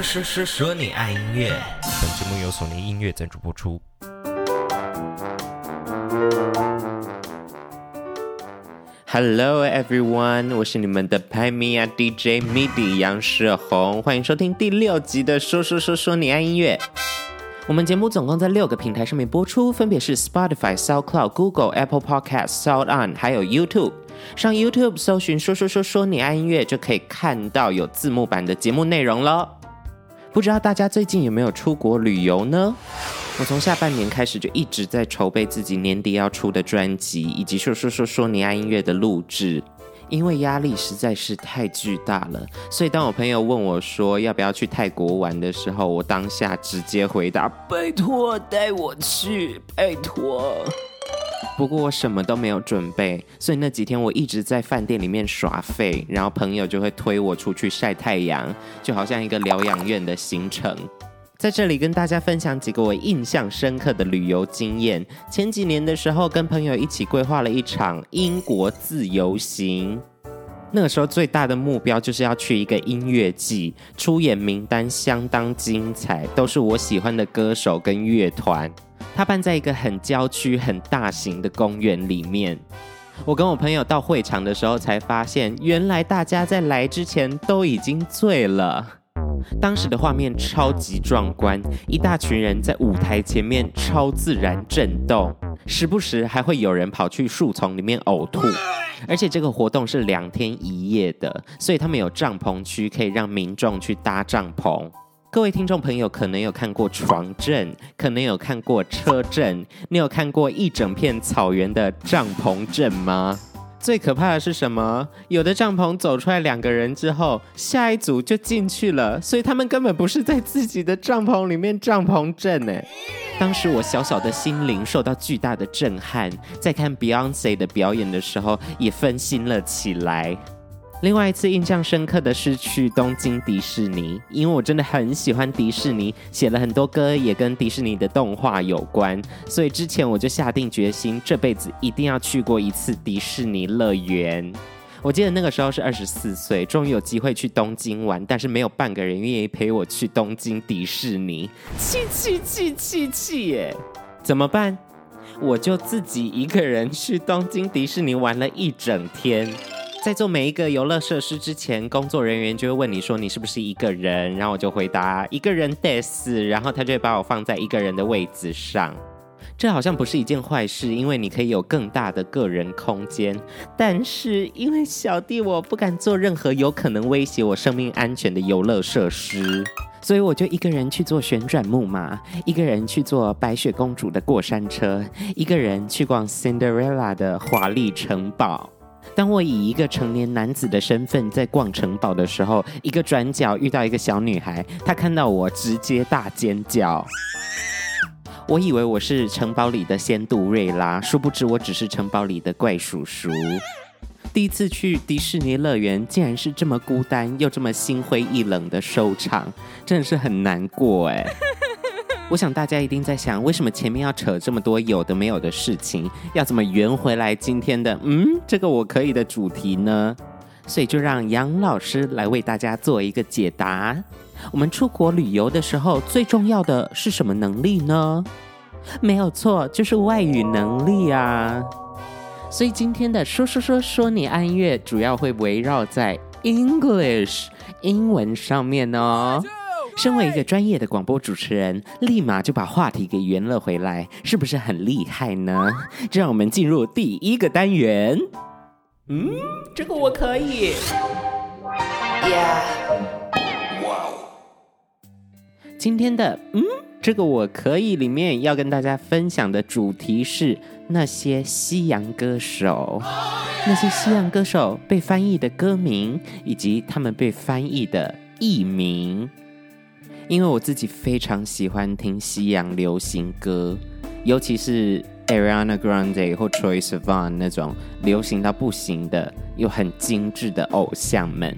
說說說說你愛音樂。本節目由索尼音樂贊助播出。Hello everyone，我是你們的派米啊 DJ MIDI 楊士弘，歡迎收聽第六集的說說說說說你愛音樂。我們節目總共在六個平台上面播出，分別是 Spotify、SoundCloud、Google、Apple Podcast、Sound On，還有 YouTube。上 YouTube 搜尋“說說說說你愛音樂”就可以看到有字幕版的節目內容了。不知道大家最近有沒有出國旅遊呢？我從下半年開始就一直在籌備自己年底要出的專輯，以及說說說說你愛音樂的錄製，因為壓力實在是太巨大了。所以當我朋友問我說要不要去泰國玩的時候，我當下直接回答：拜托帶我去，拜托。不過我什麼都沒有準備，所以那幾天我一直在飯店裡面耍廢，然後朋友就會推我出去曬太陽，就好像一個療養院的行程。在這裡跟大家分享幾個我印象深刻的旅遊經驗。前幾年的時候，跟朋友一起規劃了一場英國自由行，那個時候最大的目標就是要去一個音樂季，出演名單相當精彩，都是我喜歡的歌手跟樂團。它辦在一個很郊區、很大型的公園裡面。我跟我朋友到會場的時候，才發現原來大家在來之前都已經醉了。當時的畫面超級壯觀，一大群人在舞台前面超自然震動，時不時還會有人跑去樹叢裡面嘔吐。而且這個活動是兩天一夜的，所以他們有帳篷區可以讓民眾去搭帳篷。各位聽眾朋友，可能有看過床震，可能有看過車震。你有看過一整片草原的帳篷震嗎？最可怕的是什麼？有的帳篷走出來兩個人之後，下一組就進去了，所以他們根本不是在自己的帳篷裡面帳篷震呢。當時我小小的心靈受到巨大的震撼，在看 Beyonce 的表演的時候也分心了起來。另外一次印象深刻的是去東京迪士尼，因為我真的很喜歡迪士尼，寫了很多歌也跟迪士尼的動畫有關，所以之前我就下定決心這輩子一定要去過一次迪士尼樂園。我記得那個時候是二十四歲，終於有機會去東京玩，但是沒有半個人願意陪我去東京迪士尼，氣氣氣氣氣耶！怎麼辦？我就自己一個人去東京迪士尼玩了一整天。在做每一個遊樂設施之前，工作人員就會問你說你是不是一個人，然後我就回答一個人 this 然後他就會把我放在一個人的位置上。這好像不是一件壞事，因為你可以有更大的個人空間。但是因為小弟我不敢做任何有可能威脅我生命安全的遊樂設施，所以我就一個人去坐旋轉木馬，一個人去坐白雪公主的過山車，一個人去逛 Cinderella 的華麗城堡。當我以一個成年男子的身份在逛城堡的時候，一個轉角遇到一個小女孩，她看到我直接大尖叫。我以為我是城堡裡的仙杜瑞拉，殊不知我只是城堡裡的怪叔叔。第一次去迪士尼樂園，竟然是這麼孤單又這麼心灰意冷的收場，真的是很難過誒。我想大家一定在想，為什麼前面要扯這麼多有的沒有的事情，要怎麼圓回來今天的嗯，這個我可以的主題呢？所以就讓楊老師來為大家做一個解答。我們出國旅遊的時候，最重要的是什麼能力呢？沒有錯，就是外語能力啊！所以今天的說說說說你安樂，主要會圍繞在 English 英文上面哦。身為一個專業的廣播主持人，立馬就把話題給圓了回來，是不是很厲害呢？這讓我們進入第一個單元。嗯，這個我可以。呀，yeah！哇哦！今天的嗯，這個我可以裡面要跟大家分享的主題是那些西洋歌手，oh yeah！那些西洋歌手被翻譯的歌名，以及他們被翻譯的譯名。因為我自己非常喜歡聽西洋流行歌，尤其是 Ariana Grande 或 Troye Sivan 那種流行到不行的又很精緻的偶像們，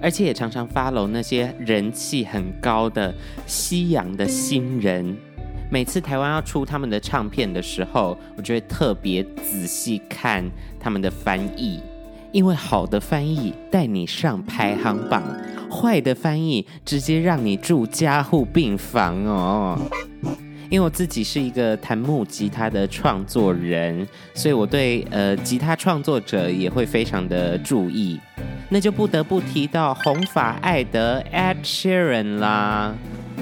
而且也常常 follow 那些人氣很高的西洋的新人。每次台灣要出他們的唱片的時候，我就會特別仔細看他們的翻譯。因為好的翻譯帶你上排行榜，壞的翻譯直接讓你住加護病房哦。因為我自己是一個彈木吉他的創作人，所以我對呃吉他創作者也會非常的注意。那就不得不提到紅髮艾德 Ed Sheeran 啦。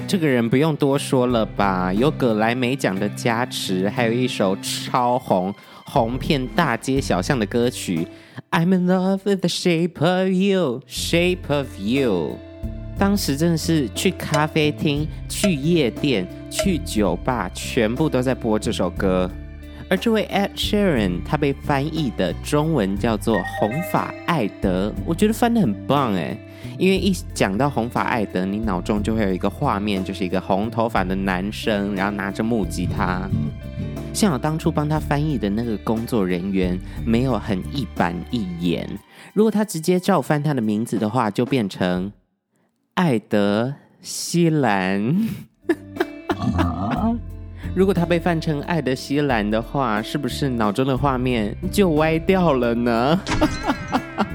這個人不用多說了吧，有葛萊美獎的加持，還有一首超紅紅遍大街小巷的歌曲《I'm in love with the shape of you》，shape of you。當時真的是去咖啡廳、去夜店、去酒吧，全部都在播這首歌。而這位 Ed Sheeran，他被翻譯的中文叫做紅髮艾德，我覺得翻得很棒哎。因為一講到紅髮艾德，你腦中就會有一個畫面，就是一個紅頭髮的男生，然後拿着木吉他。像我當初幫他翻譯的那個工作人員，沒有很一板一眼。如果他直接照翻他的名字的話，就變成艾德希蘭。 啊、如果他被翻成艾德希蘭的話，是不是腦中的畫面就歪掉了呢？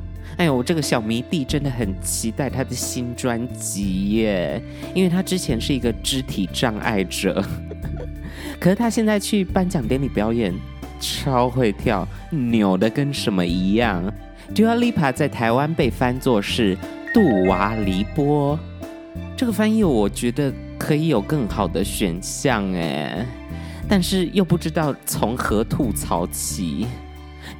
哎呦，我這個小迷弟真的很期待他的新專輯耶！因為他之前是一個肢體障礙者，可是他現在去頒獎典禮表演，超會跳，扭的跟什麼一樣。Dua Lipa 在台灣被翻作是杜娃·黎波，這個翻譯我覺得可以有更好的選項哎，但是又不知道從何吐槽起。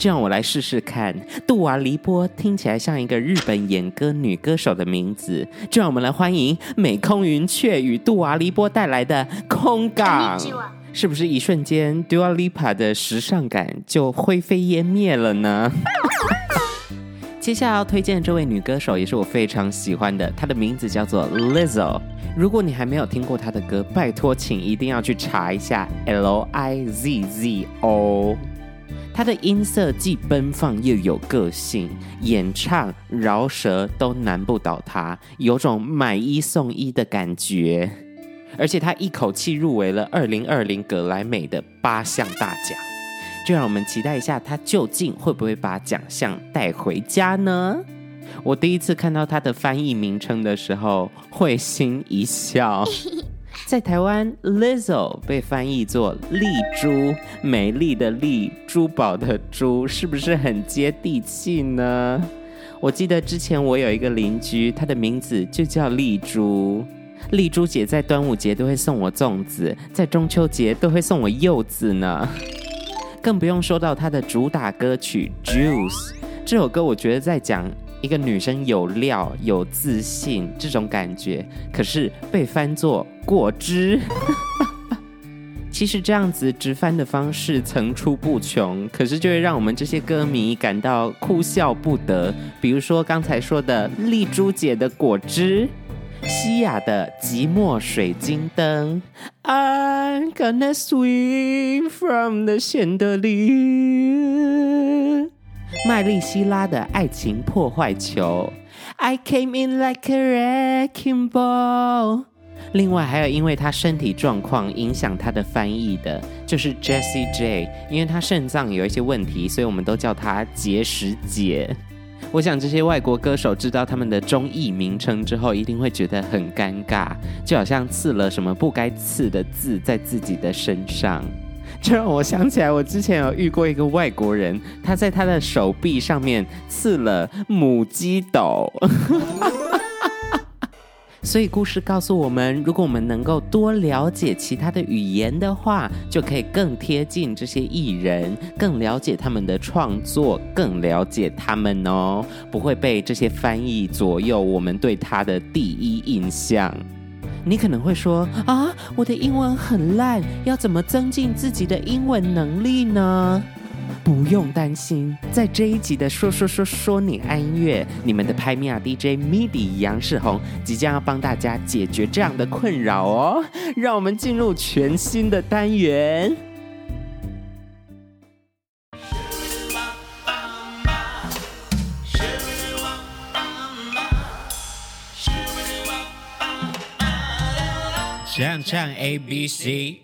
就讓我來試試看，杜娃黎波聽起來像一個日本演歌女歌手的名字。就讓我們來歡迎美空雲雀與杜娃黎波帶來的空《空港》啊，啊，是不是一瞬間 Dua Lipa 的時尚感就灰飛煙滅了呢？ 接下來要推薦的這位女歌手也是我非常喜歡的，她的名字叫做 Lizzo。如果你還沒有聽過她的歌，拜託請一定要去查一下 L I Z Z O。他的音色既奔放又有個性，演唱饒舌都難不倒他，有種買一送一的感覺。而且他一口氣入圍了二零二零格萊美的八項大獎，就讓我們期待一下，他究竟會不會把獎項帶回家呢？我第一次看到他的翻譯名稱的時候，會心一笑。 在台灣，Lizzo 被翻譯作麗珠，美麗的麗，珠寶的珠，是不是很接地氣呢？我記得之前我有一個鄰居，她的名字就叫麗珠。麗珠姐在端午節都會送我粽子，在中秋節都會送我柚子呢。更不用說到她的主打歌曲《Juice》，這首歌我覺得在講，一個女生有料有自信這種感覺，可是被翻作果汁。 其實這樣子直翻的方式層出不窮，可是就會讓我們這些歌迷感到哭笑不得。比如說剛才說的麗珠姐的果汁，西雅的寂寞水晶燈，I'm gonna swing from the chandelier。麥莉希拉的愛情破壞球。I came in like a wrecking ball。另外還有，因為他身體狀況影響他的翻譯的，就是 Jessie J，Jay 因為他腎臟有一些問題，所以我們都叫他結石姐。我想這些外國歌手知道他們的中譯名稱之後，一定會覺得很尷尬，就好像刺了什麼不該刺的字在自己的身上。這讓我想起來，我之前有遇過一個外國人，他在他的手臂上面刺了母雞鬥。 所以故事告訴我們，如果我們能夠多了解其他的語言的話，就可以更貼近這些藝人，更了解他們的創作，更了解他們哦，不會被這些翻譯左右我們對他的第一印象。你可能會說啊，我的英文很爛，要怎麼增進自己的英文能力呢？不用擔心，在這一集的說、說說說說你愛音樂，你們的拍米 DJ MIDI 楊士弘即將要幫大家解決這樣的困擾哦，讓我們進入全新的單元。唱唱 ABC，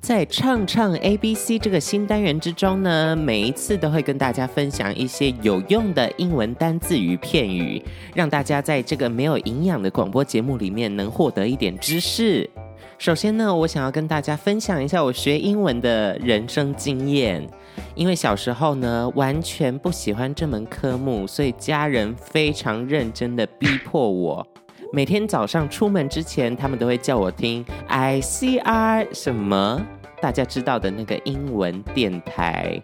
在唱唱 ABC 這個新單元之中呢，每一次都會跟大家分享一些有用的英文單字與片語，讓大家在這個沒有營養的廣播節目裡面能獲得一點知識。首先呢，我想要跟大家分享一下我學英文的人生經驗，因為小時候呢完全不喜歡這門科目，所以家人非常認真的逼迫我。每天早上出門之前，他們都會叫我聽 ICR 什麼？大家知道的那個英文電台。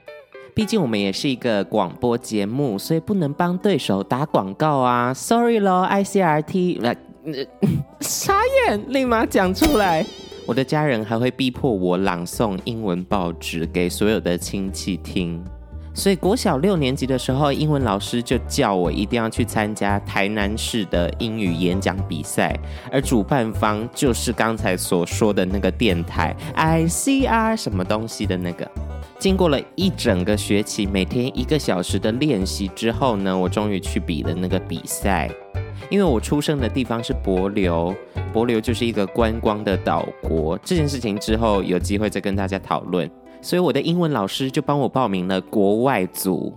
畢竟我們也是一個廣播節目，所以不能幫對手打廣告啊，Sorry 咯，ICRT 來、呃呃，傻眼，立馬講出來。我的家人還會逼迫我朗誦英文報紙給所有的親戚聽。所以國小六年級的時候，英文老師就叫我一定要去參加台南市的英語演講比賽，而主辦方就是剛才所說的那個電台，ICR 什麼東西的那個。經過了一整個學期，每天一個小時的練習之後呢，我終於去比了那個比賽。因為我出生的地方是帛琉，帛琉就是一個觀光的島國，這件事情之後有機會再跟大家討論。所以我的英文老師就幫我報名了國外組，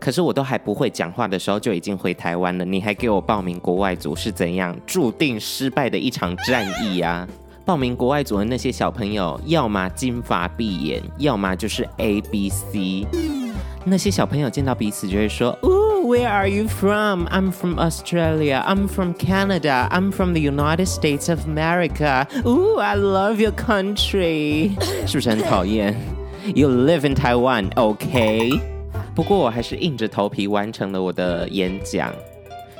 可是我都還不會講話的時候就已經回台灣了，你還給我報名國外組是怎樣？注定失敗的一場戰役呀、啊？報名國外組的那些小朋友，要麼金髮碧眼，要麼就是 A B C。那些小朋友見到彼此就會說，Oh，where are you from？I'm from Australia. I'm from Canada. I'm from the United States of America. Oh，I love your country。是不是很討厭？You live in Taiwan, OK？不過我還是硬着頭皮完成了我的演講。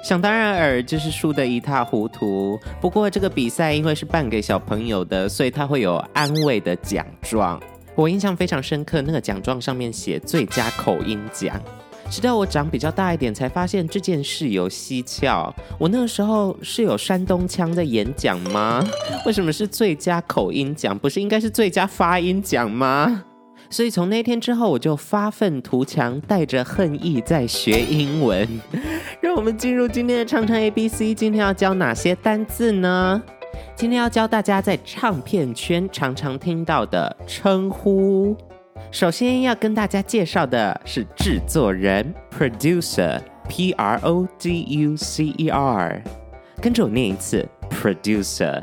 想當然耳，就是輸得一塌糊塗。不過這個比賽因為是辦給小朋友的，所以他會有安慰的獎狀。我印象非常深刻，那個獎狀上面寫“最佳口音獎”。直到我長比較大一點，才發現這件事有蹊蹺。我那個時候是有山東腔在演講嗎？為什麼是最佳口音獎？不是應該是最佳發音獎嗎？所以從那天之後，我就發憤圖強，帶着恨意在學英文。 讓我們進入今天的唱唱 A B C。今天要教哪些單字呢？今天要教大家在唱片圈常常聽到的稱呼。首先要跟大家介紹的是制作人 （producer），P R O D U C E R。跟着我念一次：producer。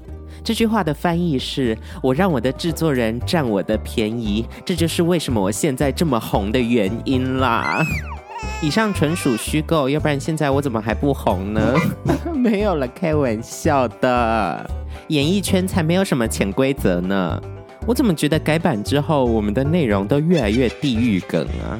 這句話的翻譯是：我讓我的制作人占我的便宜，這就是為什麼我現在這麼紅的原因啦。以上純屬虛構，要不然現在我怎麼還不紅呢？哇，沒有了，開玩笑的。演藝圈才沒有什麼潛規則呢。我怎麼覺得改版之後我們的內容都越來越地獄梗啊？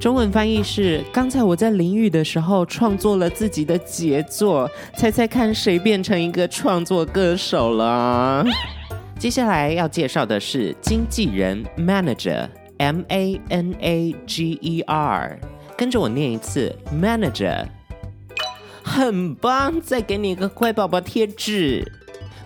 中文翻譯是：剛才我在淋雨的時候創作了自己的傑作，猜猜看誰變成一個創作歌手了？接下來要介紹的是經紀人 （manager），M-A-N-A-G-E-R，跟着我念一次，manager，很棒！再給你一個乖寶寶貼紙。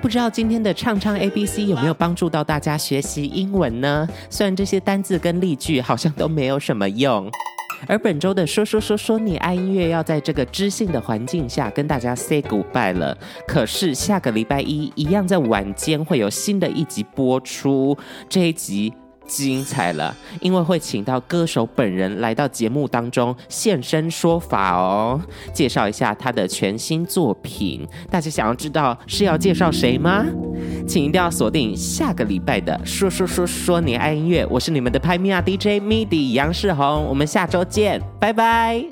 不知道今天的唱唱 ABC 有沒有幫助到大家學習英文呢？雖然這些單字跟例句好像都沒有什麼用，而本周的說說說說你愛音樂要在這個知性的環境下跟大家 say goodbye 了。可是下個禮拜一一樣在晚間會有新的一集播出，這一集精彩了，因為會請到歌手本人來到節目當中現身說法哦，介紹一下他的全新作品。大家想要知道是要介紹誰嗎？請一定要鎖定下個禮拜的《說說說說你愛音樂》，我是你們的拍米亞、啊、DJ Midi 楊士弘，我們下周見，拜拜。